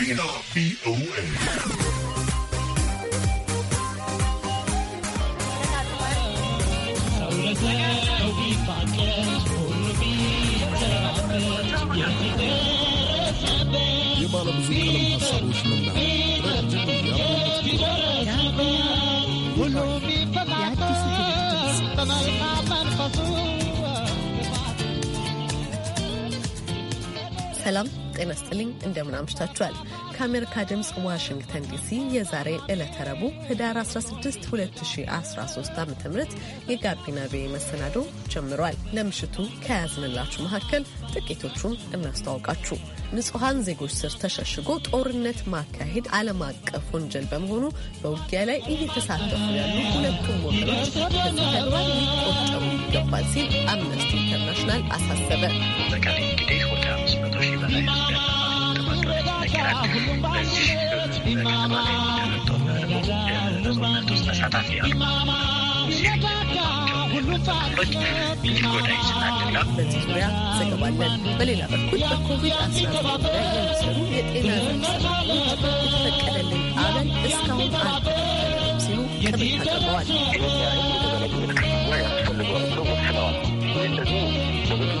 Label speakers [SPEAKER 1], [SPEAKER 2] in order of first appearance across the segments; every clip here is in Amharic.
[SPEAKER 1] ጋቢና ቪኦኤ የባለ ብዙ ቀለም ሀሳቦች መናኸሪያ ረጅም የአዲሱ ትውልድ
[SPEAKER 2] ሰላም ጤና ስጥልኝ እንደምን አምሽታችኋል ከአሜሪካ ድምፅ ዋሽንግተን ዲሲ የዛሬ ዕለተ ረቡዕ ህዳር 16 2013 ዓ ም የጋቢና ቤ መሰናዶ ጀምሯል። ለምሽቱ ከያዝንላችሁ መካከል ጥቂቶቹን እናስተዋውቃችሁ። ንጹሐን ዜጎች ስር ተሸሽጎ ጦርነት ማካሄድ ዓለም አቀፍ ወንጀል በመሆኑ በውጊያ ላይ እየተሳተፉ ያሉ ሁለቱም ወገኖች ተግባር ይገባል ሲል አምነስቲ ኢንተርናሽናል አሳሰበ። በተለይ እንግዲህ ወደ ሺህ በላይ ይችላል። በዚህ በከተማ በኩል በኮቪድ የጤና ባለሙያዎች የተፈቀደልን አበል እስካሁን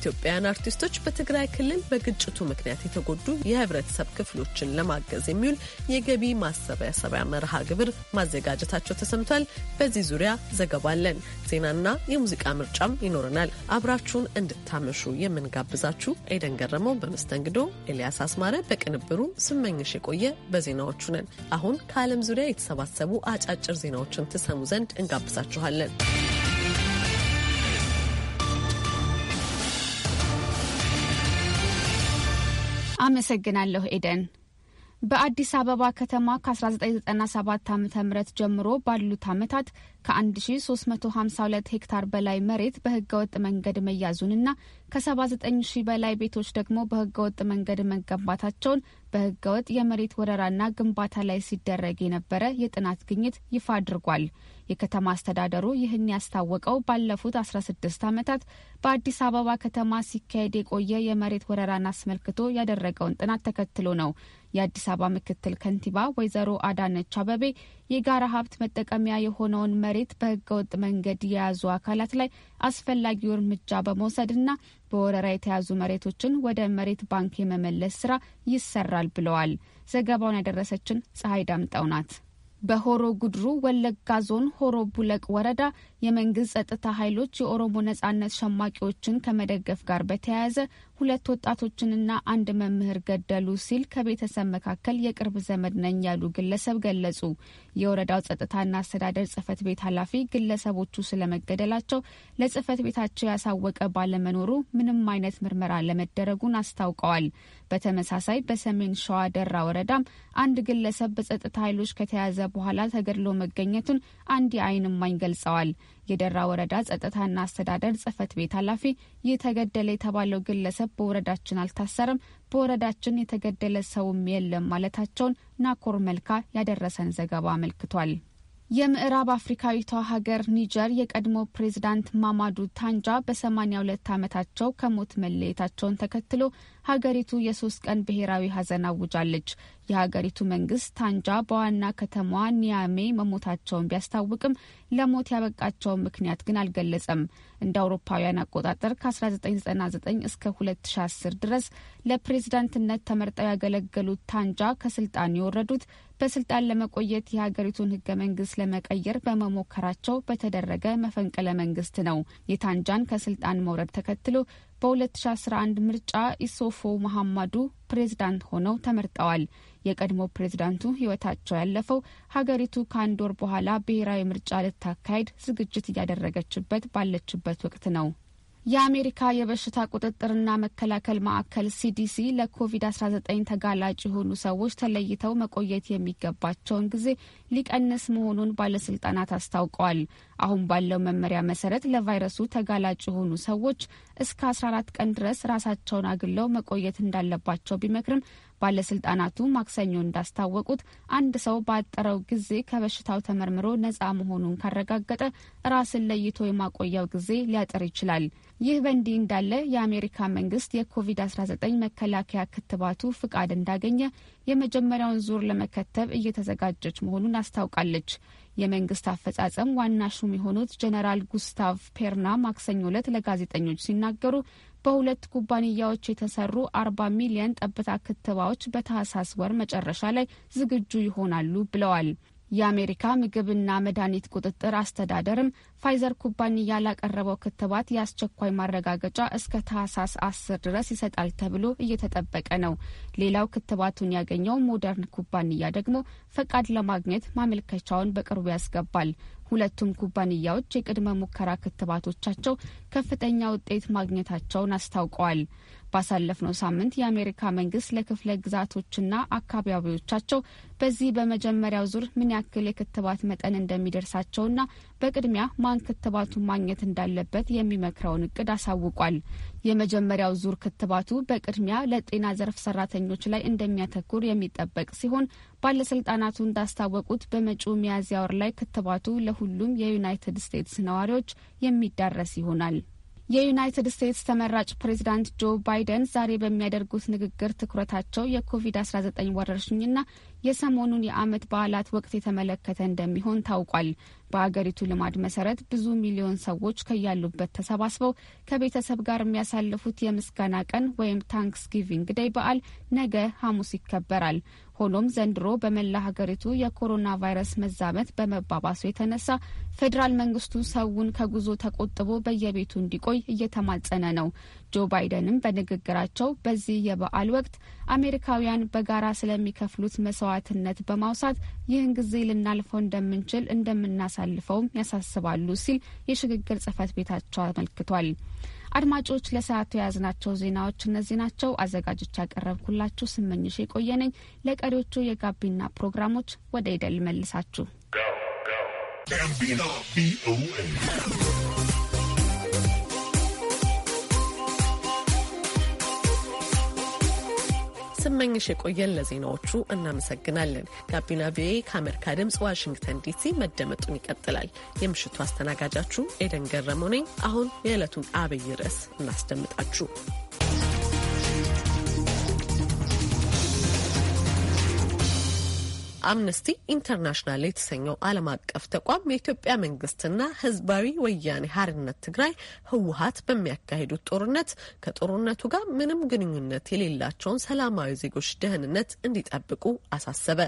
[SPEAKER 2] ኢትዮጵያውያን አርቲስቶች በትግራይ ክልል በግጭቱ ምክንያት የተጎዱ የህብረተሰብ ክፍሎችን ለማገዝ የሚውል የገቢ ማሰባሰቢያ መርሃ ግብር ማዘጋጀታቸው ተሰምቷል። በዚህ ዙሪያ ዘገባ አለን። ዜናና የሙዚቃ ምርጫም ይኖረናል። አብራችሁን እንድታመሹ የምንጋብዛችሁ ኤደን ገረመው በመስተንግዶ፣ ኤልያስ አስማረ በቅንብሩ፣ ስመኝሽ የቆየ በዜናዎቹ ነን። አሁን ከዓለም ዙሪያ የተሰባሰቡ አጫጭር ዜናዎችን ትሰሙ ዘንድ እንጋብዛችኋለን።
[SPEAKER 3] አመሰግናለሁ ኤደን። በአዲስ አበባ ከተማ ከ1997 ዓ ም ጀምሮ ባሉት ዓመታት ከ1352 ሄክታር በላይ መሬት በህገወጥ መንገድ መያዙንና ከ79000 በላይ ቤቶች ደግሞ በህገወጥ መንገድ መገንባታቸውን በህገወጥ የመሬት ወረራና ግንባታ ላይ ሲደረግ የነበረ የጥናት ግኝት ይፋ አድርጓል። የከተማ አስተዳደሩ ይህን ያስታወቀው ባለፉት 16 ዓመታት በአዲስ አበባ ከተማ ሲካሄድ የቆየ የመሬት ወረራን አስመልክቶ ያደረገውን ጥናት ተከትሎ ነው። የአዲስ አበባ ምክትል ከንቲባ ወይዘሮ አዳነች አበቤ የጋራ ሀብት መጠቀሚያ የሆነውን መሬት በህገወጥ መንገድ የያዙ አካላት ላይ አስፈላጊው እርምጃ በመውሰድና በወረራ የተያዙ መሬቶችን ወደ መሬት ባንክ የመመለስ ስራ ይሰራል ብለዋል። ዘገባውን ያደረሰችን ፀሐይ ዳምጠው ናት። በሆሮ ጉድሩ ወለጋ ዞን ሆሮ ቡለቅ ወረዳ የመንግስት ጸጥታ ኃይሎች የኦሮሞ ነጻነት ሸማቂዎችን ከመደገፍ ጋር በተያያዘ ሁለት ወጣቶችንና አንድ መምህር ገደሉ ሲል ከቤተሰብ መካከል የቅርብ ዘመድ ነኝ ያሉ ግለሰብ ገለጹ። የወረዳው ጸጥታና አስተዳደር ጽህፈት ቤት ኃላፊ ግለሰቦቹ ስለመገደላቸው ለጽህፈት ቤታቸው ያሳወቀ ባለመኖሩ ምንም አይነት ምርመራ ለመደረጉን አስታውቀዋል። በተመሳሳይ በሰሜን ሸዋ ደራ ወረዳም አንድ ግለሰብ በጸጥታ ኃይሎች ከተያዘ በኋላ ተገድሎ መገኘቱን አንድ የአይን እማኝ ገልጸዋል። የደራ ወረዳ ጸጥታና አስተዳደር ጽህፈት ቤት ኃላፊ የተገደለ የተባለው ግለሰብ በወረዳችን አልታሰርም፣ በወረዳችን የተገደለ ሰውም የለም ማለታቸውን ናኮር መልካ ያደረሰን ዘገባ አመልክቷል። የምዕራብ አፍሪካዊቷ ሀገር ኒጀር የቀድሞ ፕሬዝዳንት ማማዱ ታንጃ በ82 ዓመታቸው ከሞት መለየታቸውን ተከትሎ ሀገሪቱ የሶስት ቀን ብሔራዊ ሀዘን አውጃለች። የሀገሪቱ መንግስት ታንጃ በዋና ከተማዋ ኒያሜ መሞታቸውን ቢያስታውቅም ለሞት ያበቃቸውን ምክንያት ግን አልገለጸም። እንደ አውሮፓውያን አቆጣጠር ከ1999 እስከ 2010 ድረስ ለፕሬዝዳንትነት ተመርጠው ያገለገሉት ታንጃ ከስልጣን የወረዱት በስልጣን ለመቆየት የሀገሪቱን ህገ መንግስት ለመቀየር በመሞከራቸው በተደረገ መፈንቅለ መንግስት ነው። የታንጃን ከስልጣን መውረድ ተከትሎ በ2011 ምርጫ ኢሶፎ መሐማዱ ፕሬዝዳንት ሆነው ተመርጠዋል። የቀድሞ ፕሬዝዳንቱ ሕይወታቸው ያለፈው ሀገሪቱ ከአንድ ወር በኋላ ብሔራዊ ምርጫ ልታካሄድ ዝግጅት እያደረገችበት ባለችበት ወቅት ነው። የአሜሪካ የበሽታ ቁጥጥርና መከላከል ማዕከል ሲዲሲ ለኮቪድ-19 ተጋላጭ የሆኑ ሰዎች ተለይተው መቆየት የሚገባቸውን ጊዜ ሊቀንስ መሆኑን ባለስልጣናት አስታውቀዋል። አሁን ባለው መመሪያ መሰረት ለቫይረሱ ተጋላጭ የሆኑ ሰዎች እስከ 14 ቀን ድረስ ራሳቸውን አግለው መቆየት እንዳለባቸው ቢመክርም ባለስልጣናቱ ማክሰኞ እንዳስታወቁት አንድ ሰው ባጠረው ጊዜ ከበሽታው ተመርምሮ ነጻ መሆኑን ካረጋገጠ ራስን ለይቶ የማቆያው ጊዜ ሊያጥር ይችላል። ይህ በእንዲህ እንዳለ የአሜሪካ መንግስት የኮቪድ-19 መከላከያ ክትባቱ ፍቃድ እንዳገኘ የመጀመሪያውን ዙር ለመከተብ እየተዘጋጀች መሆኑን አስታውቃለች። የመንግስት አፈጻጸም ዋና ሹም የሆኑት ጀነራል ጉስታቭ ፔርና ማክሰኞ ዕለት ለጋዜጠኞች ሲናገሩ በሁለት ኩባንያዎች የተሰሩ አርባ ሚሊየን ጠብታ ክትባዎች በታህሳስ ወር መጨረሻ ላይ ዝግጁ ይሆናሉ ብለዋል። የአሜሪካ ምግብና መድኃኒት ቁጥጥር አስተዳደርም ፋይዘር ኩባንያ ላቀረበው ክትባት የአስቸኳይ ማረጋገጫ እስከ ታህሳስ አስር ድረስ ይሰጣል ተብሎ እየተጠበቀ ነው። ሌላው ክትባቱን ያገኘው ሞደርን ኩባንያ ደግሞ ፈቃድ ለማግኘት ማመልከቻውን በቅርቡ ያስገባል። ሁለቱም ኩባንያዎች የቅድመ ሙከራ ክትባቶቻቸው ከፍተኛ ውጤት ማግኘታቸውን አስታውቀዋል። ባሳለፍነው ሳምንት የአሜሪካ መንግስት ለክፍለ ግዛቶችና አካባቢዎቻቸው በዚህ በመጀመሪያው ዙር ምን ያክል የክትባት መጠን እንደሚደርሳቸውና በቅድሚያ ማን ክትባቱን ማግኘት እንዳለበት የሚመክረውን እቅድ አሳውቋል። የመጀመሪያው ዙር ክትባቱ በቅድሚያ ለጤና ዘርፍ ሰራተኞች ላይ እንደሚያተኩር የሚጠበቅ ሲሆን ባለስልጣናቱ እንዳስታወቁት በመጪው ሚያዝያ ወር ላይ ክትባቱ ለሁሉም የዩናይትድ ስቴትስ ነዋሪዎች የሚዳረስ ይሆናል። የዩናይትድ ስቴትስ ተመራጭ ፕሬዚዳንት ጆ ባይደን ዛሬ በሚያደርጉት ንግግር ትኩረታቸው የኮቪድ-19 ወረርሽኝና የሰሞኑን የአመት በዓላት ወቅት የተመለከተ እንደሚሆን ታውቋል። በአገሪቱ ልማድ መሰረት ብዙ ሚሊዮን ሰዎች ከያሉበት ተሰባስበው ከቤተሰብ ጋር የሚያሳልፉት የምስጋና ቀን ወይም ታንክስጊቪንግ ደይ በዓል ነገ ሐሙስ ይከበራል። ሆኖም ዘንድሮ በመላ ሀገሪቱ የኮሮና ቫይረስ መዛመት በመባባሱ የተነሳ ፌዴራል መንግስቱ ሰውን ከጉዞ ተቆጥቦ በየቤቱ እንዲቆይ እየተማጸነ ነው። ጆ ባይደንም በንግግራቸው በዚህ የበዓል ወቅት አሜሪካውያን በጋራ ስለሚከፍሉት መስዋዕትነት በማውሳት ይህን ጊዜ ልናልፈው እንደምንችል እንደምናሳልፈውም ያሳስባሉ ሲል የሽግግር ጽህፈት ቤታቸው አመልክቷል። አድማጮች ለሰዓቱ የያዝናቸው ዜናዎች እነዚህ ናቸው። አዘጋጆች ያቀረብኩላችሁ ስመኝሽ የቆየ ነኝ። ለቀሪዎቹ የጋቢና ፕሮግራሞች ወደ ይደል መልሳችሁ።
[SPEAKER 2] ስመኝሽ የቆየን ለዜናዎቹ እናመሰግናለን። ጋቢና ቪኦኤ ከአሜሪካ ድምፅ ዋሽንግተን ዲሲ መደመጡን ይቀጥላል። የምሽቱ አስተናጋጃችሁ ኤደን ገረመው ነኝ። አሁን የዕለቱን አብይ ርዕስ እናስደምጣችሁ። አምነስቲ ኢንተርናሽናል የተሰኘው ዓለም አቀፍ ተቋም የኢትዮጵያ መንግስትና ህዝባዊ ወያኔ ሀርነት ትግራይ ህወሀት በሚያካሂዱት ጦርነት ከጦርነቱ ጋር ምንም ግንኙነት የሌላቸውን ሰላማዊ ዜጎች ደህንነት እንዲጠብቁ አሳሰበ።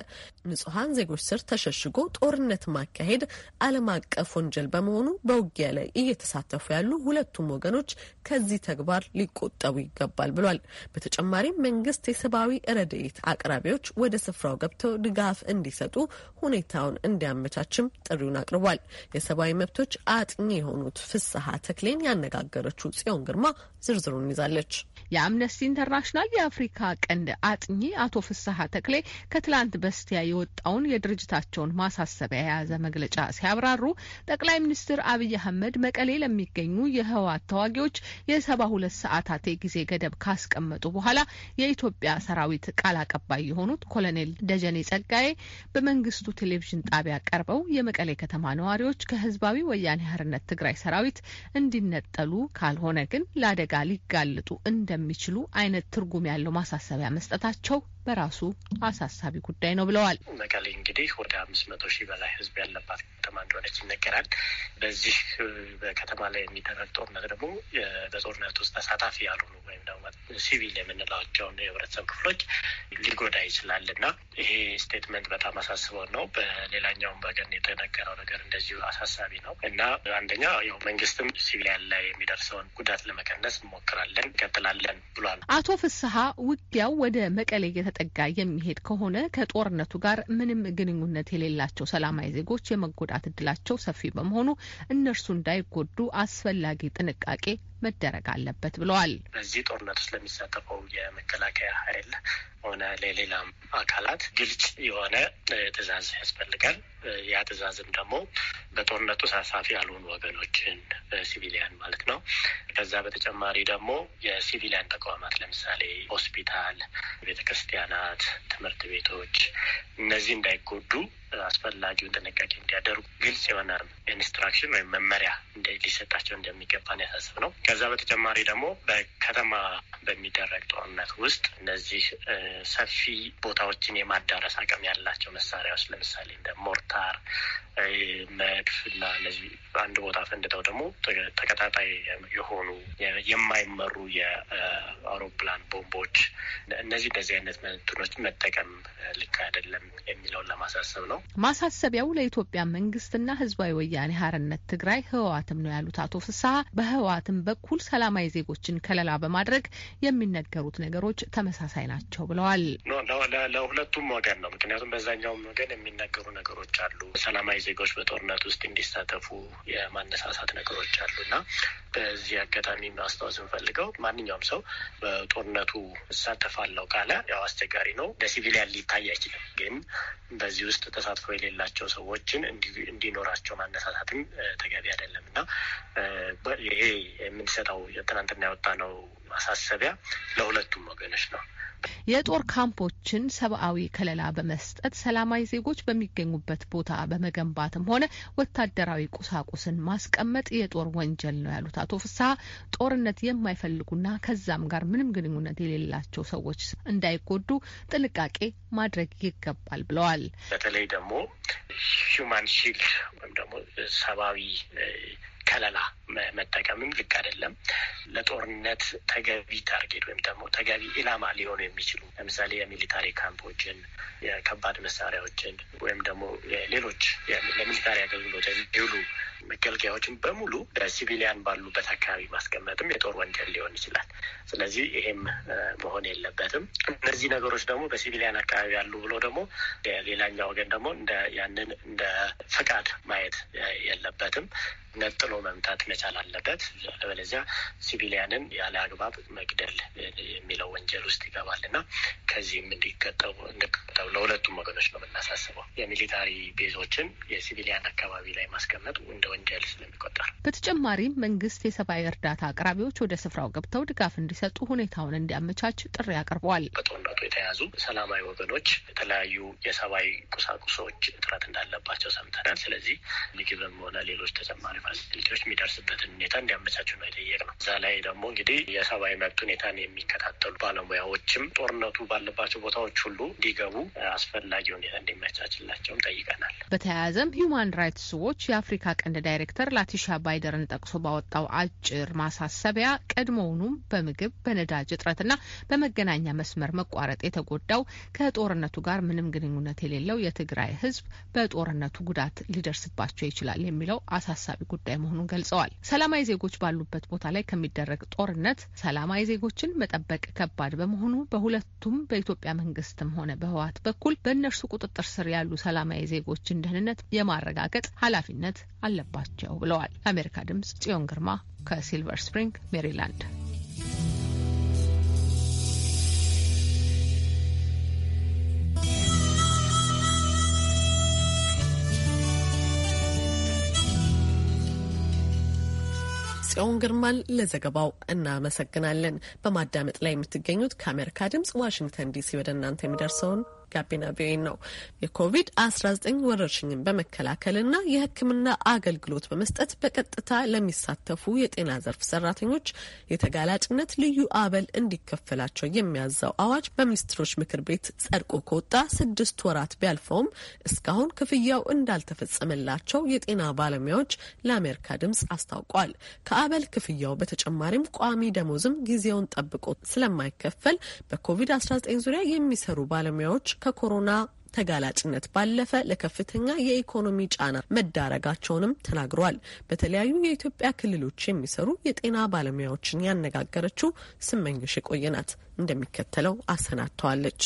[SPEAKER 2] ንጹሐን ዜጎች ስር ተሸሽጎ ጦርነት ማካሄድ ዓለም አቀፍ ወንጀል በመሆኑ በውጊያ ላይ እየተሳተፉ ያሉ ሁለቱም ወገኖች ከዚህ ተግባር ሊቆጠቡ ይገባል ብሏል። በተጨማሪም መንግስት የሰብአዊ ረድኤት አቅራቢዎች ወደ ስፍራው ገብተው ድጋፍ እንዲሰጡ ሁኔታውን እንዲያመቻችም ጥሪውን አቅርቧል። የሰብአዊ መብቶች
[SPEAKER 4] አጥኚ የሆኑት ፍስሀ ተክሌን ያነጋገረችው ጽዮን ግርማ ዝርዝሩን ይዛለች። የአምነስቲ ኢንተርናሽናል የአፍሪካ ቀንድ አጥኚ አቶ ፍስሀ ተክሌ ከትላንት በስቲያ የወጣውን የድርጅታቸውን ማሳሰቢያ የያዘ መግለጫ ሲያብራሩ ጠቅላይ ሚኒስትር አብይ አህመድ መቀሌ ለሚገኙ የህወሓት ተዋጊዎች የሰባ ሁለት ሰዓታት የጊዜ ገደብ ካስቀመጡ በኋላ የኢትዮጵያ ሰራዊት ቃል አቀባይ የሆኑት ኮሎኔል ደጀኔ ጸጋይ ጉዳይ በመንግስቱ ቴሌቪዥን ጣቢያ ቀርበው የመቀሌ ከተማ ነዋሪዎች ከህዝባዊ ወያኔ ሓርነት ትግራይ ሰራዊት እንዲነጠሉ ካልሆነ ግን ለአደጋ ሊጋለጡ እንደሚችሉ አይነት ትርጉም ያለው ማሳሰቢያ መስጠታቸው በራሱ አሳሳቢ ጉዳይ ነው ብለዋል።
[SPEAKER 5] መቀሌ እንግዲህ ወደ አምስት መቶ ሺህ በላይ ህዝብ ያለባት ከተማ እንደሆነች ይነገራል። በዚህ በከተማ ላይ የሚደረግ ጦርነት ደግሞ በጦርነት ውስጥ ተሳታፊ ያልሆኑ ወይም ደግሞ ሲቪል የምንላቸውን የህብረተሰብ ክፍሎች ሊጎዳ ይችላል እና ይሄ ስቴትመንት በጣም አሳስበው ነው። በሌላኛውም በገን የተነገረው ነገር እንደዚሁ አሳሳቢ ነው እና አንደኛ ያው መንግስትም ሲቪሊያን ላይ የሚደርሰውን ጉዳት ለመቀነስ እንሞክራለን እንቀጥላለን
[SPEAKER 4] ብሏል። አቶ ፍስሀ ውጊያው ወደ መቀሌ እየተጠጋ የሚሄድ ከሆነ ከጦርነቱ ጋር ምንም ግንኙነት የሌላቸው ሰላማዊ ዜጎች የመጎዳት የመጎዳት እድላቸው ሰፊ በመሆኑ እነርሱ እንዳይጎዱ አስፈላጊ ጥንቃቄ መደረግ አለበት ብለዋል።
[SPEAKER 5] በዚህ ጦርነት ውስጥ ለሚሳተፈው የመከላከያ ኃይል ሆነ ለሌላም አካላት ግልጽ የሆነ ትዕዛዝ ያስፈልጋል። ያ ትዕዛዝም ደግሞ በጦርነቱ ሳሳፊ ያልሆኑ ወገኖችን ሲቪሊያን ማለት ነው። ከዛ በተጨማሪ ደግሞ የሲቪሊያን ተቋማት ለምሳሌ ሆስፒታል፣ ቤተ ክርስቲያናት፣ ትምህርት ቤቶች እነዚህ እንዳይጎዱ አስፈላጊውን ጥንቃቄ እንዲያደርጉ ግልጽ የሆነ ኢንስትራክሽን ወይም መመሪያ ሊሰጣቸው እንደሚገባን ያሳስብ ነው። ከዛ በተጨማሪ ደግሞ በከተማ በሚደረግ ጦርነት ውስጥ እነዚህ ሰፊ ቦታዎችን የማዳረስ አቅም ያላቸው መሳሪያዎች ለምሳሌ እንደ ሞርታር፣ መድፍ እና እነዚህ አንድ ቦታ ፈንድተው ደግሞ ተቀጣጣይ የሆኑ የማይመሩ የአውሮፕላን ቦምቦች እነዚህ እንደዚህ አይነት መንትኖች መጠቀም ልክ አይደለም የሚለውን
[SPEAKER 4] ለማሳሰብ ነው። ማሳሰቢያው ለኢትዮጵያ መንግስትና ህዝባዊ ወያኔ ሀርነት ትግራይ ህወሓትም ነው ያሉት አቶ ፍስሀ በህወሓትም በ በኩል ሰላማዊ ዜጎችን ከለላ በማድረግ የሚነገሩት ነገሮች ተመሳሳይ ናቸው ብለዋል።
[SPEAKER 5] ለሁለቱም ወገን ነው። ምክንያቱም በዛኛውም ወገን የሚነገሩ ነገሮች አሉ። ሰላማዊ ዜጎች በጦርነት ውስጥ እንዲሳተፉ የማነሳሳት ነገሮች አሉ እና በዚህ አጋጣሚ ማስታወስ እንፈልገው ማንኛውም ሰው በጦርነቱ እሳተፋለሁ ካለ ያው አስቸጋሪ ነው። ለሲቪሊያን ሊታይ አይችልም። ግን በዚህ ውስጥ ተሳትፎ የሌላቸው ሰዎችን እንዲኖራቸው ማነሳሳትም ተገቢ አይደለም እና ይሄ የሚሰጠው የትናንትና
[SPEAKER 4] ነው ማሳሰቢያ ለሁለቱም ወገኖች ነው። የጦር ካምፖችን ሰብአዊ ከለላ በመስጠት ሰላማዊ ዜጎች በሚገኙበት ቦታ በመገንባትም ሆነ ወታደራዊ ቁሳቁስን ማስቀመጥ የጦር ወንጀል ነው ያሉት አቶ ፍስሀ ጦርነት የማይፈልጉና ከዛም ጋር ምንም ግንኙነት የሌላቸው ሰዎች እንዳይጎዱ ጥንቃቄ ማድረግ ይገባል ብለዋል። በተለይ ደግሞ ሂውማን ሺልድ ወይም ደግሞ
[SPEAKER 5] ሰብአዊ ከለላ መጠቀምም ልክ አይደለም። ለጦርነት ተገቢ ታርጌት ወይም ደግሞ ተገቢ ኢላማ ሊሆኑ የሚችሉ ለምሳሌ የሚሊታሪ ካምፖችን፣ የከባድ መሳሪያዎችን ወይም ደግሞ ሌሎች ለሚሊታሪ አገልግሎት የሚውሉ መገልገያዎችን በሙሉ ሲቪሊያን ባሉበት አካባቢ ማስቀመጥም የጦር ወንጀል ሊሆን ይችላል። ስለዚህ ይሄም መሆን የለበትም። እነዚህ ነገሮች ደግሞ በሲቪሊያን አካባቢ ያሉ ብሎ ደግሞ ሌላኛው ወገን ደግሞ ያንን እንደ ፈቃድ ማየት የለበትም። ነጥሎ መምታት መቻል አለበት። አለበለዚያ ሲቪሊያንን ያለ አግባብ መግደል የሚለው ወንጀል ውስጥ ይገባል እና ከዚህም እንዲቀጠቡ ለሁለቱም ወገኖች ነው የምናሳስበው። የሚሊታሪ ቤዞችን የሲቪሊያን አካባቢ ላይ ማስቀመጥ እንደ ወንጀል ስለሚቆጠር፣
[SPEAKER 4] በተጨማሪም መንግስት የሰብአዊ እርዳታ አቅራቢዎች ወደ ስፍራው ገብተው ድጋፍ እንዲሰጡ ሁኔታውን እንዲያመቻች ጥሪ አቅርበዋል።
[SPEAKER 5] በጦርነቱ የተያዙ ሰላማዊ ወገኖች የተለያዩ የሰብአዊ ቁሳቁሶች እጥረት እንዳለባቸው ሰምተናል። ስለዚህ ምግብም ሆነ ሌሎች ተጨማሪ ፋሲሊቲዎች የሚደርስበትን ሁኔታ እንዲያመቻቹ ነው ነው። እዛ ላይ ደግሞ እንግዲህ የሰብአዊ መብት ሁኔታን የሚከታተሉ ባለሙያዎችም ጦርነቱ ባለባቸው ቦታዎች ሁሉ እንዲገቡ አስፈላጊ ሁኔታ እንዲመቻችላቸውም
[SPEAKER 4] ጠይቀናል። በተያያዘም ሂውማን ራይትስ ዎች የአፍሪካ ቀንድ ዳይሬክተር ላቲሻ ባይደርን ጠቅሶ ባወጣው አጭር ማሳሰቢያ ቀድሞውኑም በምግብ በነዳጅ እጥረትና በመገናኛ መስመር መቋረጥ የተጎዳው ከጦርነቱ ጋር ምንም ግንኙነት የሌለው የትግራይ ሕዝብ በጦርነቱ ጉዳት ሊደርስባቸው ይችላል የሚለው አሳሳቢ ጉዳይ መሆኑን ገልጸዋል። ሰላማዊ ዜጎች ባሉበት ቦታ ላይ ከሚደረግ ጦርነት ሰላማዊ ዜጎችን መጠበቅ ከባድ በመሆኑ በሁለቱም በኢትዮጵያ መንግስትም ሆነ በህወሓት በኩል በእነርሱ ቁጥጥር ስር ያሉ ሰላማዊ ዜጎችን ደህንነት የማረጋገጥ ኃላፊነት አለባቸው ብለዋል። ለአሜሪካ ድምጽ ጽዮን ግርማ ከሲልቨር ስፕሪንግ ሜሪላንድ
[SPEAKER 2] ጽዮን ግርማን ለዘገባው እናመሰግናለን። በማዳመጥ ላይ የምትገኙት ከአሜሪካ ድምጽ ዋሽንግተን ዲሲ ወደ እናንተ የሚደርሰውን ጋቢና ቪኦኤ ነው። የኮቪድ-19 ወረርሽኝን በመከላከልና የሕክምና አገልግሎት በመስጠት በቀጥታ ለሚሳተፉ የጤና ዘርፍ ሰራተኞች የተጋላጭነት ልዩ አበል እንዲከፈላቸው የሚያዘው አዋጅ በሚኒስትሮች ምክር ቤት ጸድቆ ከወጣ ስድስት ወራት ቢያልፈውም እስካሁን ክፍያው እንዳልተፈጸመላቸው የጤና ባለሙያዎች ለአሜሪካ ድምጽ አስታውቋል። ከአበል ክፍያው በተጨማሪም ቋሚ ደሞዝም ጊዜውን ጠብቆ ስለማይከፈል በኮቪድ-19 ዙሪያ የሚሰሩ ባለሙያዎች ከኮሮና ተጋላጭነት ባለፈ ለከፍተኛ የኢኮኖሚ ጫና መዳረጋቸውንም ተናግረዋል። በተለያዩ የኢትዮጵያ ክልሎች የሚሰሩ የጤና ባለሙያዎችን ያነጋገረችው ስመኝሽ የቆየናት እንደሚከተለው አሰናድተዋለች።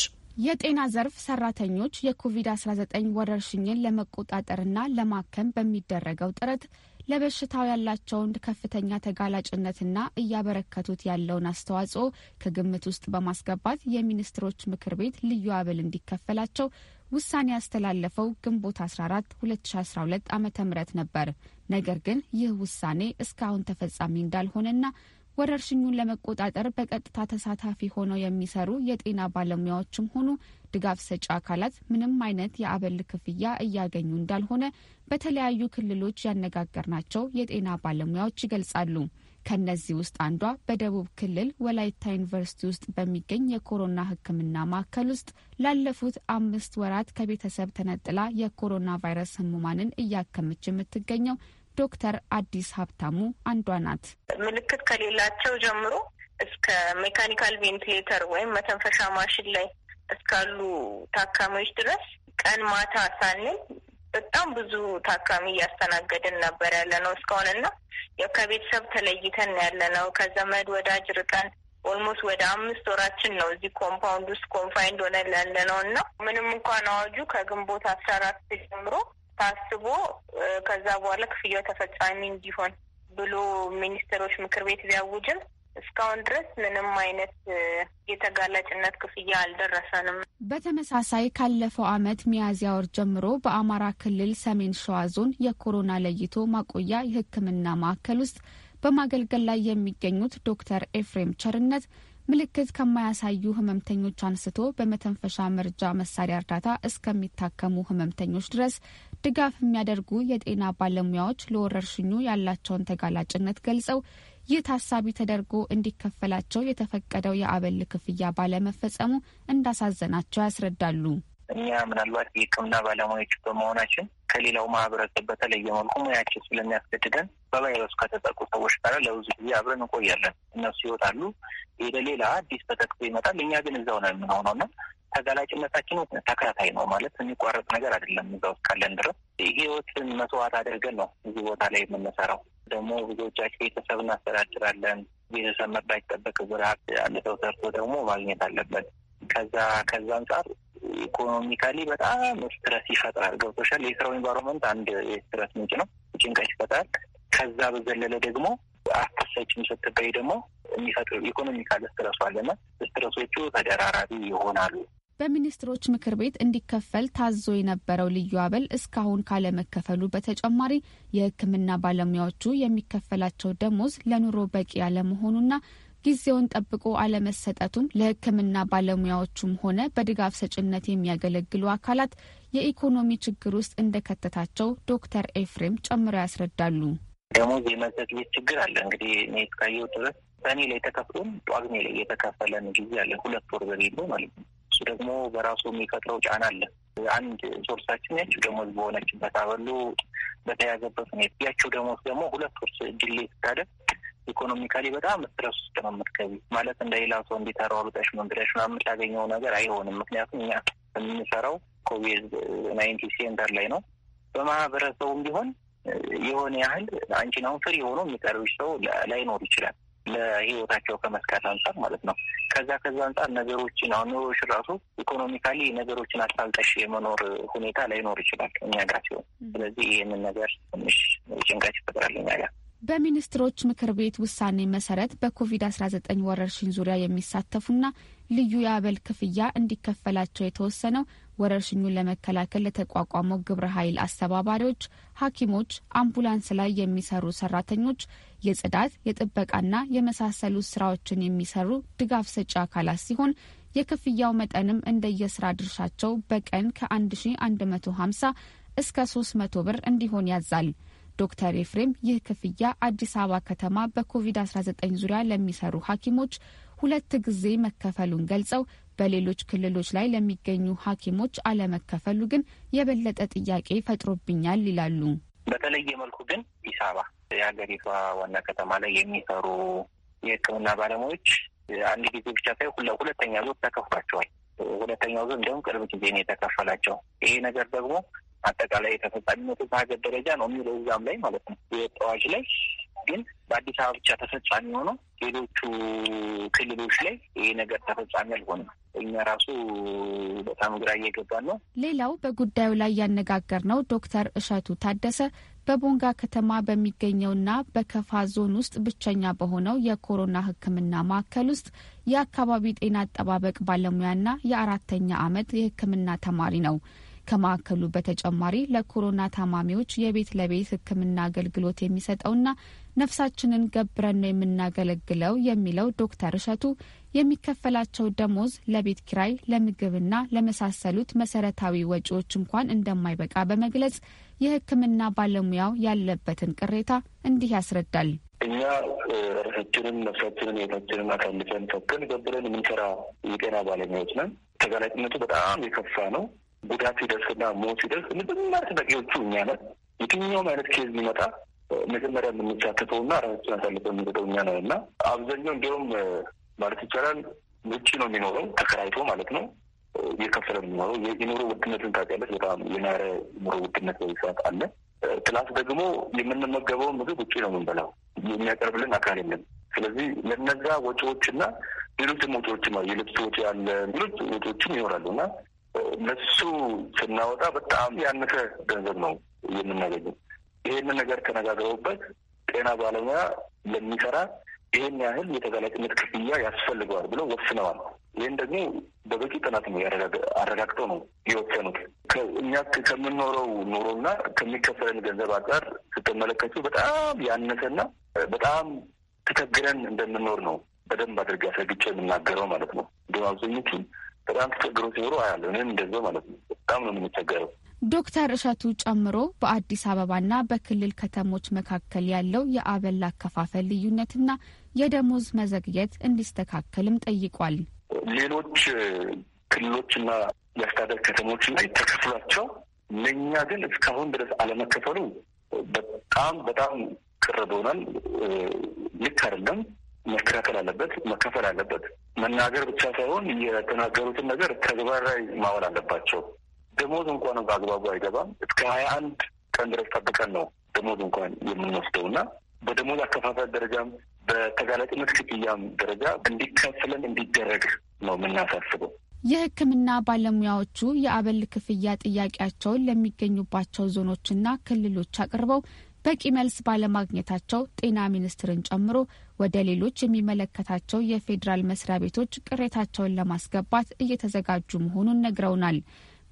[SPEAKER 3] የጤና ዘርፍ ሰራተኞች የኮቪድ-19 ወረርሽኝን ለመቆጣጠርና ለማከም በሚደረገው ጥረት ለበሽታው ያላቸውን ከፍተኛ ተጋላጭነትና እያበረከቱት ያለውን አስተዋጽኦ ከግምት ውስጥ በማስገባት የሚኒስትሮች ምክር ቤት ልዩ አበል እንዲከፈላቸው ውሳኔ ያስተላለፈው ግንቦት 14 2012 ዓ ም ነበር። ነገር ግን ይህ ውሳኔ እስካሁን ተፈጻሚ እንዳልሆነና ወረርሽኙን ለመቆጣጠር በቀጥታ ተሳታፊ ሆነው የሚሰሩ የጤና ባለሙያዎችም ሆኑ ድጋፍ ሰጪ አካላት ምንም አይነት የአበል ክፍያ እያገኙ እንዳልሆነ በተለያዩ ክልሎች ያነጋገርናቸው የጤና ባለሙያዎች ይገልጻሉ። ከነዚህ ውስጥ አንዷ በደቡብ ክልል ወላይታ ዩኒቨርሲቲ ውስጥ በሚገኝ የኮሮና ሕክምና ማዕከል ውስጥ ላለፉት አምስት ወራት ከቤተሰብ ተነጥላ የኮሮና ቫይረስ ህሙማንን እያከመች የምትገኘው ዶክተር አዲስ ሀብታሙ አንዷ ናት።
[SPEAKER 1] ምልክት ከሌላቸው ጀምሮ እስከ ሜካኒካል ቬንቲሌተር ወይም መተንፈሻ ማሽን ላይ እስካሉ ታካሚዎች ድረስ ቀን ማታ ሳንል በጣም ብዙ ታካሚ እያስተናገድን ነበር ያለ ነው እስካሁን እና ያው ከቤተሰብ ተለይተን ያለ ነው ከዘመድ ወዳጅ ርቀን ኦልሞስት ወደ አምስት ወራችን ነው እዚህ ኮምፓውንድ ውስጥ ኮንፋይንድ ሆነን ያለ ነው እና ምንም እንኳን አዋጁ ከግንቦት አስራ አራት ጀምሮ ታስቦ ከዛ በኋላ ክፍያው ተፈጻሚ እንዲሆን ብሎ ሚኒስትሮች ምክር ቤት ቢያውጅም እስካሁን ድረስ ምንም አይነት የተጋላጭነት ክፍያ አልደረሰንም።
[SPEAKER 3] በተመሳሳይ ካለፈው ዓመት ሚያዝያ ወር ጀምሮ በአማራ ክልል ሰሜን ሸዋ ዞን የኮሮና ለይቶ ማቆያ የሕክምና ማዕከል ውስጥ በማገልገል ላይ የሚገኙት ዶክተር ኤፍሬም ቸርነት ምልክት ከማያሳዩ ህመምተኞች አንስቶ በመተንፈሻ መርጃ መሳሪያ እርዳታ እስከሚታከሙ ህመምተኞች ድረስ ድጋፍ የሚያደርጉ የጤና ባለሙያዎች ለወረርሽኙ ያላቸውን ተጋላጭነት ገልጸው ይህ ታሳቢ ተደርጎ እንዲከፈላቸው የተፈቀደው የአበል ክፍያ ባለመፈጸሙ እንዳሳዘናቸው ያስረዳሉ።
[SPEAKER 1] እኛ ምናልባት የሕክምና ባለሙያዎች በመሆናችን ከሌላው ማህበረሰብ በተለየ መልኩ ሙያችን ስለሚያስገድደን በቫይረሱ ከተጠቁ ሰዎች ጋር ለብዙ ጊዜ አብረን እንቆያለን። እነሱ ይወጣሉ፣ ሄደ ሌላ አዲስ ተጠቅሶ ይመጣል። እኛ ግን እዛው ነው የምንሆነው እና ተጋላጭነታችን ተከታታይ ነው ማለት የሚቋረጥ ነገር አይደለም። እዛ ውስጥ ካለን ድረስ ህይወትን መስዋዕት አድርገን ነው እዚህ ቦታ ላይ የምንሰራው። ደግሞ ብዙዎቻችን ቤተሰብ እናስተዳድራለን። ቤተሰብ መርዳት ይጠበቅብናል። ብርሃት አንድ ሰው ሰርቶ ደግሞ ማግኘት አለበት። ከዛ ከዛ አንጻር ኢኮኖሚካሊ በጣም ስትረስ ይፈጥራል። ገብቶሻል። የስራው ኤንቫይሮንመንት አንድ የስትረስ ምንጭ ነው፣ ጭንቀት ይፈጥራል። ከዛ በዘለለ ደግሞ አስተሰጭም ስትበይ ደግሞ የሚፈጥሩ ኢኮኖሚካል ስትረሱ አለና ስትረሶቹ ተደራራቢ ይሆናሉ።
[SPEAKER 3] በሚኒስትሮች ምክር ቤት እንዲከፈል ታዞ የነበረው ልዩ አበል እስካሁን ካለመከፈሉ በተጨማሪ የሕክምና ባለሙያዎቹ የሚከፈላቸው ደሞዝ ለኑሮ በቂ ያለመሆኑና ጊዜውን ጠብቆ አለመሰጠቱም ለሕክምና ባለሙያዎቹም ሆነ በድጋፍ ሰጭነት የሚያገለግሉ አካላት የኢኮኖሚ ችግር ውስጥ እንደከተታቸው ዶክተር ኤፍሬም ጨምረው ያስረዳሉ። ደሞዝ
[SPEAKER 1] የመዘግየት ችግር አለ። እንግዲህ እኔ እስካየሁ ድረስ ሰኔ ላይ ተከፍሎም ጳጉሜ ላይ የተከፈለን ጊዜ አለ። ሁለት ወር ዘግይቶ ማለት ነው። እሱ ደግሞ በራሱ የሚፈጥረው ጫና አለ። አንድ ሶርሳችን ያችው ደሞዝ በሆነችበት አበሉ በተያዘበት ሁኔታ ያችው ደሞዝ ደግሞ ሁለት ወርስ ድሌ ስታደርግ ኢኮኖሚካሊ በጣም ስትረስ ውስጥ ነው የምትገቢ። ማለት እንደ ሌላ ሰው እንዴት አሯሩጠሽ መንብለሽ ምናምን የምታገኘው ነገር አይሆንም። ምክንያቱም እኛ የምንሰራው ኮቪድ ናይንቲ ሴንተር ላይ ነው። በማህበረሰቡም ቢሆን የሆነ ያህል አንቺን አሁን ፍሪ ሆኖ የሚቀርብሽ ሰው ላይኖር ይችላል። ለህይወታቸው ከመስካት አንጻር ማለት ነው። ከዛ ከዛ አንጻር ነገሮችን አሁን ኑሮሽ ራሱ ኢኮኖሚካሊ ነገሮችን አሳልጠሽ የመኖር ሁኔታ ላይኖር ይችላል እኛ ጋር ሲሆን፣ ስለዚህ ይህንን ነገር ትንሽ ጭንቀት ይፈጥራል እኛ ጋር።
[SPEAKER 3] በሚኒስትሮች ምክር ቤት ውሳኔ መሰረት በኮቪድ-19 ወረርሽኝ ዙሪያ የሚሳተፉና ልዩ የአበል ክፍያ እንዲከፈላቸው የተወሰነው ወረርሽኙን ለመከላከል ለተቋቋመው ግብረ ኃይል አስተባባሪዎች፣ ሐኪሞች፣ አምቡላንስ ላይ የሚሰሩ ሰራተኞች፣ የጽዳት የጥበቃና የመሳሰሉ ስራዎችን የሚሰሩ ድጋፍ ሰጪ አካላት ሲሆን የክፍያው መጠንም እንደየስራ ድርሻቸው በቀን ከ1150 እስከ 300 ብር እንዲሆን ያዛል። ዶክተር ኤፍሬም ይህ ክፍያ አዲስ አበባ ከተማ በኮቪድ-19 ዙሪያ ለሚሰሩ ሐኪሞች ሁለት ጊዜ መከፈሉን ገልጸው በሌሎች ክልሎች ላይ ለሚገኙ ሐኪሞች አለመከፈሉ ግን የበለጠ ጥያቄ ፈጥሮብኛል ይላሉ።
[SPEAKER 1] በተለየ መልኩ ግን አዲስ አበባ የሀገሪቷ ዋና ከተማ ላይ የሚሰሩ የሕክምና ባለሙያዎች አንድ ጊዜ ብቻ ሳይሆን ሁለተኛ ዙር ተከፍሏቸዋል። ሁለተኛው ዙር እንዲሁም ቅርብ ጊዜ ነው የተከፈላቸው። ይሄ ነገር ደግሞ አጠቃላይ የተፈጻሚነቱ በሀገር ደረጃ ነው የሚለው እዛም ላይ ማለት ነው የወጣ አዋጅ ላይ ግን በአዲስ አበባ ብቻ ተፈጻሚ ሆኖ ሌሎቹ ክልሎች ላይ ይህ ነገር ተፈጻሚ አልሆነም። እኛ ራሱ በጣም ግራ እየገባ ነው።
[SPEAKER 3] ሌላው በጉዳዩ ላይ ነው ዶክተር እሸቱ ታደሰ በቦንጋ ከተማ በሚገኘውና በከፋ ዞን ውስጥ ብቸኛ በሆነው የኮሮና ሕክምና ማዕከል ውስጥ የአካባቢ ጤና አጠባበቅ ባለሙያና የአራተኛ ዓመት የሕክምና ተማሪ ነው። ከማዕከሉ በተጨማሪ ለኮሮና ታማሚዎች የቤት ለቤት ሕክምና አገልግሎት የሚሰጠውና ነፍሳችንን ገብረን ነው የምናገለግለው የሚለው ዶክተር እሸቱ የሚከፈላቸው ደሞዝ ለቤት ኪራይ፣ ለምግብና ለመሳሰሉት መሰረታዊ ወጪዎች እንኳን እንደማይበቃ በመግለጽ የህክምና ባለሙያው ያለበትን ቅሬታ እንዲህ ያስረዳል።
[SPEAKER 1] እኛ ራሳችንን ነፍሳችንን የታችንን አሳልፈን ሰጥተን ገብረን የምንሰራ የጤና ባለሙያዎች ነን። ተጋላጭነቱ በጣም የከፋ ነው። ጉዳት ሲደርስና ሞት ሲደርስ መጀመሪያ ተጠቂዎቹ እኛ ነን። የትኛውም አይነት ኬዝ ቢመጣ መጀመሪያ የምንሳተፈው የምንቻተተውና ራሳችን አሳልፈው የምንሰጠው እኛ ነን እና አብዛኛው እንዲሁም ማለት ይቻላል ውጭ ነው የሚኖረው ተከራይቶ ማለት ነው እየከፈለ የሚኖረው የኑሮ ውድነትን ታውቂያለሽ። በጣም የናረ ኑሮ ውድነት በዚህ ሰዓት አለ። ፕላስ ደግሞ የምንመገበውን ምግብ ውጭ ነው የምንበላው፣ የሚያቀርብልን አካል የለም። ስለዚህ ለነዛ ወጪዎች እና ሌሎችም ወጪዎችም የልብስ ወጪ አለ፣ ሌሎች ወጪዎችም ይኖራሉ እና እነሱ ስናወጣ በጣም ያነሰ ገንዘብ ነው የምናገኘው። ይህን ነገር ተነጋግረውበት ጤና ባለሙያ ለሚሰራ ይህን ያህል የተጋላጭነት ክፍያ ያስፈልገዋል ብለው ወስነዋል። ይህን ደግሞ በበቂ ጥናት ነው አረጋግጠው ነው የወሰኑት። እኛ ከምንኖረው ኑሮና ከሚከፈለን ገንዘብ አንጻር ስትመለከቱ በጣም ያነሰና በጣም ተቸግረን እንደምኖር ነው በደንብ አድርጌ አስረግጬ የምናገረው ማለት ነው። እንደውም አብዛኞቹ በጣም ተቸግሮ ሲኖሩ አያለሁ። እኔም እንደዚያው ማለት ነው። በጣም ነው የምንቸገረው።
[SPEAKER 3] ዶክተር እሸቱ ጨምሮ በአዲስ አበባና በክልል ከተሞች መካከል ያለው የአበል አከፋፈል ልዩነትና የደሞዝ መዘግየት እንዲስተካከልም ጠይቋል።
[SPEAKER 1] ሌሎች ክልሎችና የአስተዳደር ከተሞች ላይ ተከፍሏቸው ለእኛ ግን እስካሁን ድረስ አለመከፈሉ በጣም በጣም ቅር ልክ አይደለም። መስተካከል አለበት፣ መከፈል አለበት። መናገር ብቻ ሳይሆን የተናገሩትን ነገር ተግባራዊ ማዋል አለባቸው። ደሞዝ እንኳን በአግባቡ አይገባም። እስከ ሀያ አንድ ቀን ድረስ ጠብቀን ነው ደሞዝ እንኳን የምንወስደው እና በደሞዝ አከፋፈል ደረጃም በተጋላጭነት ክፍያም ደረጃ እንዲከፍለን እንዲደረግ ነው የምናሳስበው።
[SPEAKER 3] የሕክምና ባለሙያዎቹ የአበል ክፍያ ጥያቄያቸውን ለሚገኙባቸው ዞኖችና ክልሎች አቅርበው በቂ መልስ ባለማግኘታቸው ጤና ሚኒስትርን ጨምሮ ወደ ሌሎች የሚመለከታቸው የፌዴራል መስሪያ ቤቶች ቅሬታቸውን ለማስገባት እየተዘጋጁ መሆኑን ነግረውናል።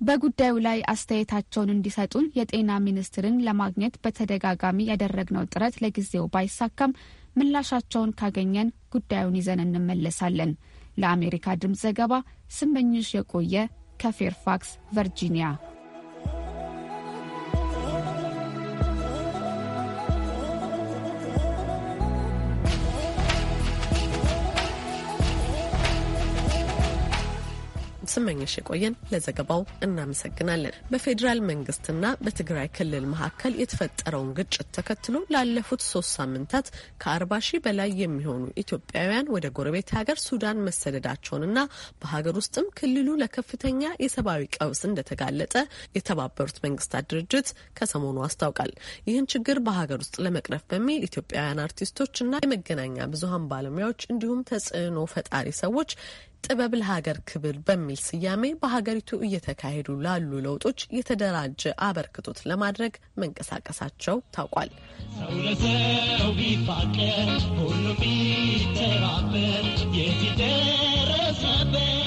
[SPEAKER 3] በጉዳዩ ላይ አስተያየታቸውን እንዲሰጡን የጤና ሚኒስትርን ለማግኘት በተደጋጋሚ ያደረግነው ጥረት ለጊዜው ባይሳካም ምላሻቸውን ካገኘን ጉዳዩን ይዘን እንመለሳለን። ለአሜሪካ ድምፅ ዘገባ ስመኝሽ የቆየ ከፌርፋክስ ቨርጂኒያ
[SPEAKER 2] ስመኝሽ የቆየን ለዘገባው እናመሰግናለን። በፌዴራል መንግስትና በትግራይ ክልል መካከል የተፈጠረውን ግጭት ተከትሎ ላለፉት ሶስት ሳምንታት ከአርባ ሺህ በላይ የሚሆኑ ኢትዮጵያውያን ወደ ጎረቤት ሀገር ሱዳን መሰደዳቸውንና በሀገር ውስጥም ክልሉ ለከፍተኛ የሰብአዊ ቀውስ እንደተጋለጠ የተባበሩት መንግስታት ድርጅት ከሰሞኑ አስታውቃል። ይህን ችግር በሀገር ውስጥ ለመቅረፍ በሚል ኢትዮጵያውያን አርቲስቶች እና የመገናኛ ብዙሀን ባለሙያዎች እንዲሁም ተጽዕኖ ፈጣሪ ሰዎች ጥበብ ለሀገር ክብር በሚል ስያሜ በሀገሪቱ እየተካሄዱ ላሉ ለውጦች የተደራጀ አበርክቶት ለማድረግ መንቀሳቀሳቸው ታውቋል።
[SPEAKER 1] ቢፋቀር ሁሉም ቢተባበር የት ደረሰበት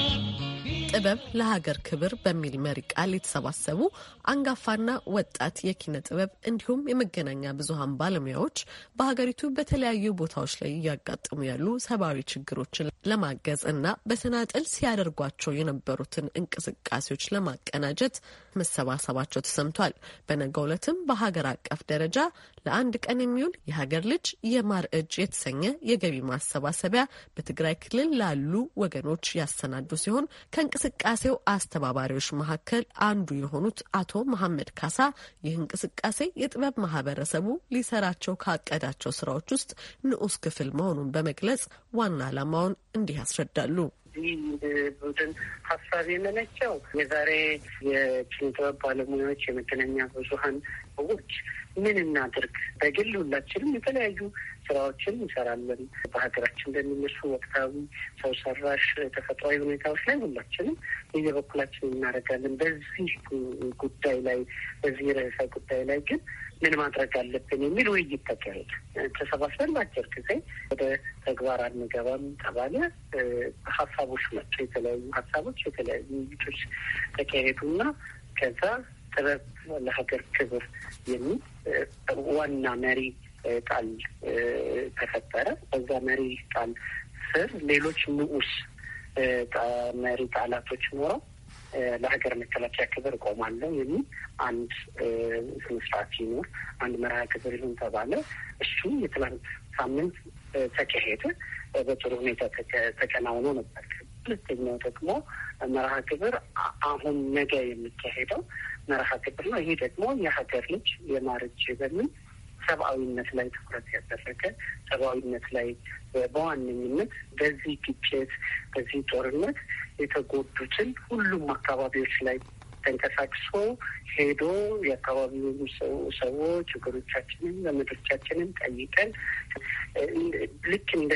[SPEAKER 2] ጥበብ ለሀገር ክብር በሚል መሪ ቃል የተሰባሰቡ አንጋፋና ወጣት የኪነ ጥበብ እንዲሁም የመገናኛ ብዙኃን ባለሙያዎች በሀገሪቱ በተለያዩ ቦታዎች ላይ እያጋጠሙ ያሉ ሰብአዊ ችግሮችን ለማገዝ እና በተናጠል ሲያደርጓቸው የነበሩትን እንቅስቃሴዎች ለማቀናጀት መሰባሰባቸው ተሰምቷል። በነገው ዕለትም በሀገር አቀፍ ደረጃ ለአንድ ቀን የሚውል የሀገር ልጅ የማር እጅ የተሰኘ የገቢ ማሰባሰቢያ በትግራይ ክልል ላሉ ወገኖች ያሰናዱ ሲሆን ከእንቅስ ከእንቅስቃሴው አስተባባሪዎች መካከል አንዱ የሆኑት አቶ መሐመድ ካሳ ይህ እንቅስቃሴ የጥበብ ማህበረሰቡ ሊሰራቸው ካቀዳቸው ስራዎች ውስጥ ንዑስ ክፍል መሆኑን በመግለጽ ዋና ዓላማውን እንዲህ ያስረዳሉ።
[SPEAKER 6] ይህ ቡድን ሀሳብ የመነጨው የዛሬ የኪነ ጥበብ ባለሙያዎች የመገናኛ ብዙሀን ሰዎች ምን እናድርግ፣ በግል ሁላችንም የተለያዩ ስራዎችን እንሰራለን። በሀገራችን በሚነሱ ወቅታዊ ሰው ሰራሽ ተፈጥሯዊ ሁኔታዎች ላይ ሁላችንም እየበኩላችን እናደርጋለን። በዚህ ጉዳይ ላይ በዚህ ርዕሰ ጉዳይ ላይ ግን ምን ማድረግ አለብን የሚል ውይይት ተካሄደ። ተሰባስበን በአጭር ጊዜ ወደ ተግባር አንገባም ተባለ። ሀሳቦች መጡ። የተለያዩ ሀሳቦች፣ የተለያዩ ውይይቶች ተካሄዱና ከዛ ጥበብ ለሀገር ክብር የሚል ዋና መሪ ቃል ተፈጠረ። በዛ መሪ ቃል ስር ሌሎች ንዑስ መሪ ቃላቶች ኖረው ለሀገር መከላከያ ክብር እቆማለሁ የሚል አንድ ስነስርዓት ሲኖር አንድ መርሃ ክብር ይሁን ተባለ። እሱ የትላንት ሳምንት ተካሄደ። በጥሩ ሁኔታ ተከናውኖ ነበር። ሁለተኛው ደግሞ መርሃ ክብር አሁን ነገ የሚካሄደው መርሃ ክብር ነው። ይህ ደግሞ የሀገር ልጅ የማረጀ በምን ሰብአዊነት ላይ ትኩረት ያደረገ ሰብአዊነት ላይ በዋነኝነት በዚህ ግጭት በዚህ ጦርነት የተጎዱትን ሁሉም አካባቢዎች ላይ ተንቀሳቅሶ ሄዶ የአካባቢውን ሰዎች ችግሮቻችንን ለምድሮቻችንን ጠይቀን ልክ እንደ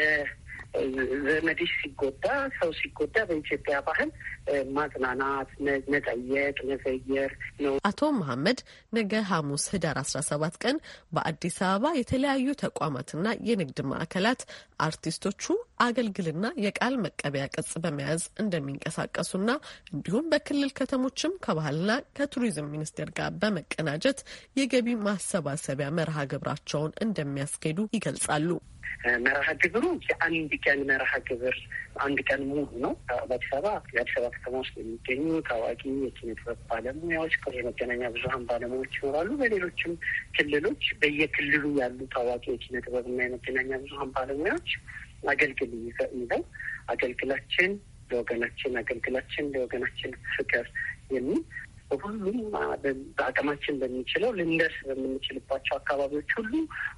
[SPEAKER 6] ዘመድሽ ሲጎዳ ሰው ሲጎዳ በኢትዮጵያ ባህል ማጽናናት፣ መጠየቅ፣ መዘየር ነው።
[SPEAKER 2] አቶ መሐመድ ነገ ሐሙስ ህዳር አስራ ሰባት ቀን በአዲስ አበባ የተለያዩ ተቋማትና የንግድ ማዕከላት አርቲስቶቹ አገልግልና የቃል መቀበያ ቅጽ በመያዝ እንደሚንቀሳቀሱና እንዲሁም በክልል ከተሞችም ከባህልና ከቱሪዝም ሚኒስቴር ጋር በመቀናጀት የገቢ ማሰባሰቢያ መርሃ ግብራቸውን እንደሚያስኬዱ ይገልጻሉ።
[SPEAKER 6] መርሃ ግብሩ የአንድ ቀን መርሃ ግብር አንድ ቀን ሙሉ ነው። በአዲስ አበባ የአዲስ አበባ ከተማ ውስጥ የሚገኙ ታዋቂ የኪነ ጥበብ ባለሙያዎች የመገናኛ ብዙሀን ባለሙያዎች ይኖራሉ። በሌሎችም ክልሎች በየክልሉ ያሉ ታዋቂ የኪነ ጥበብ እና የመገናኛ ብዙሀን ባለሙያዎች አገልግል ይዘው አገልግላችን ለወገናችን አገልግላችን ለወገናችን ፍቅር የሚል በሁሉም በአቅማችን በሚችለው ልንደርስ በምንችልባቸው አካባቢዎች ሁሉ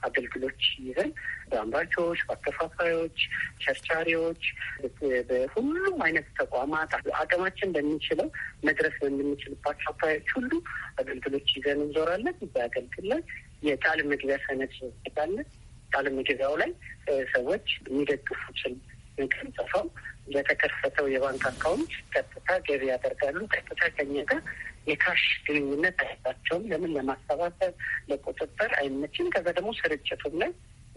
[SPEAKER 6] አገልግሎች ይዘን በአምራቾች፣ በአከፋፋዮች፣ ቸርቻሪዎች፣ በሁሉም አይነት ተቋማት አቅማችን በሚችለው መድረስ በምንችልባቸው አካባቢዎች ሁሉ አገልግሎች ይዘን እንዞራለን። በአገልግል ላይ የቃል መግቢያ ሰነድ ይወጣለን። ቃል መግቢያው ላይ ሰዎች የሚደግፉትን መጠን ጽፈው ለተከፈተው የባንክ አካውንት ቀጥታ ገቢ ያደርጋሉ። ቀጥታ ከኛ ጋር የካሽ ግንኙነት አይባቸውም። ለምን ለማሰባሰብ ለቁጥጥር አይመችም። ከዛ ደግሞ ስርጭቱም ላይ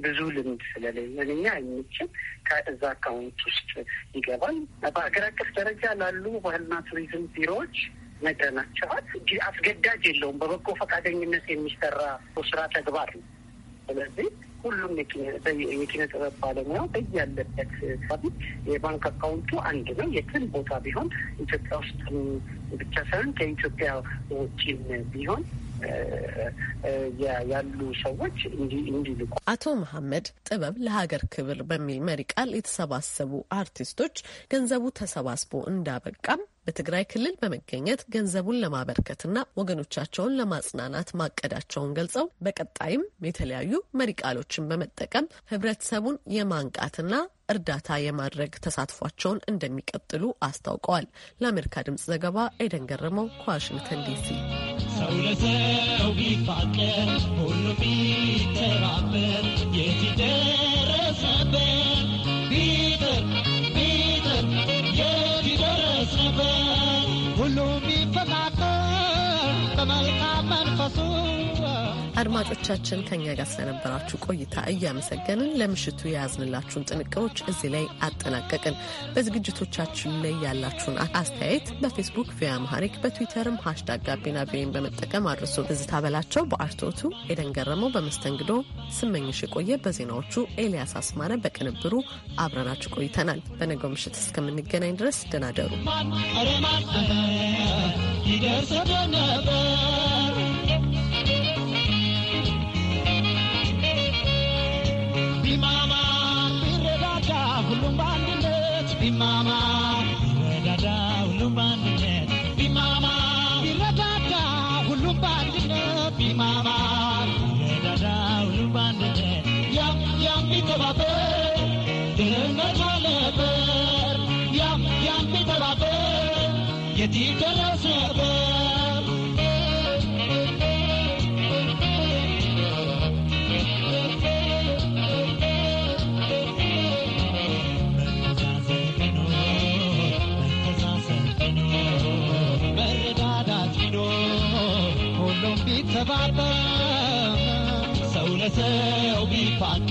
[SPEAKER 6] ብዙ ልምድ ስለሌለን እኛ አይመችም። ከእዛ አካውንት ውስጥ ይገባል። በሀገር አቀፍ ደረጃ ላሉ ባህልና ቱሪዝም ቢሮዎች ነግረናቸዋል። አስገዳጅ የለውም። በበጎ ፈቃደኝነት የሚሰራ ስራ ተግባር ነው። ስለዚህ ሁሉም የኪነ ጥበብ ባለሙያ በያለበት ሳቢት የባንክ አካውንቱ አንድ ነው። የትን ቦታ ቢሆን ኢትዮጵያ ውስጥ ብቻ ሳይሆን ከኢትዮጵያ ውጭም ቢሆን ያሉ ሰዎች እንዲልቁ።
[SPEAKER 2] አቶ መሐመድ ጥበብ ለሀገር ክብር በሚል መሪ ቃል የተሰባሰቡ አርቲስቶች ገንዘቡ ተሰባስቦ እንዳበቃም በትግራይ ክልል በመገኘት ገንዘቡን ለማበርከትና ወገኖቻቸውን ለማጽናናት ማቀዳቸውን ገልጸው በቀጣይም የተለያዩ መሪ ቃሎችን በመጠቀም ህብረተሰቡን የማንቃትና እርዳታ የማድረግ ተሳትፏቸውን እንደሚቀጥሉ አስታውቀዋል። ለአሜሪካ ድምጽ ዘገባ ኤደን ገረመው ከዋሽንግተን ዲሲ
[SPEAKER 1] ሰው ለሰው ቢፋቀር ሁሉ ቢተባበር የት
[SPEAKER 2] አድማጮቻችን ከኛ ጋር ስለነበራችሁ ቆይታ እያመሰገንን ለምሽቱ የያዝንላችሁን ጥንቅሮች እዚህ ላይ አጠናቀቅን። በዝግጅቶቻችን ላይ ያላችሁን አስተያየት በፌስቡክ ቪያ መሐሪክ በትዊተርም ሀሽታግ ጋቢና ቪን በመጠቀም አድርሱ። ብዝታ በላቸው በአርቶቱ ኤደን ገረመው፣ በመስተንግዶ ስመኝሽ የቆየ፣ በዜናዎቹ ኤልያስ አስማረ፣ በቅንብሩ አብረናችሁ ቆይተናል። በነገው ምሽት እስከምንገናኝ ድረስ ደናደሩ
[SPEAKER 6] ቢማማ ቢረዳዳ ሁሉም በአንድነት ቢማማ
[SPEAKER 1] ቢረዳዳ ሁሉም በአንድነት podcast.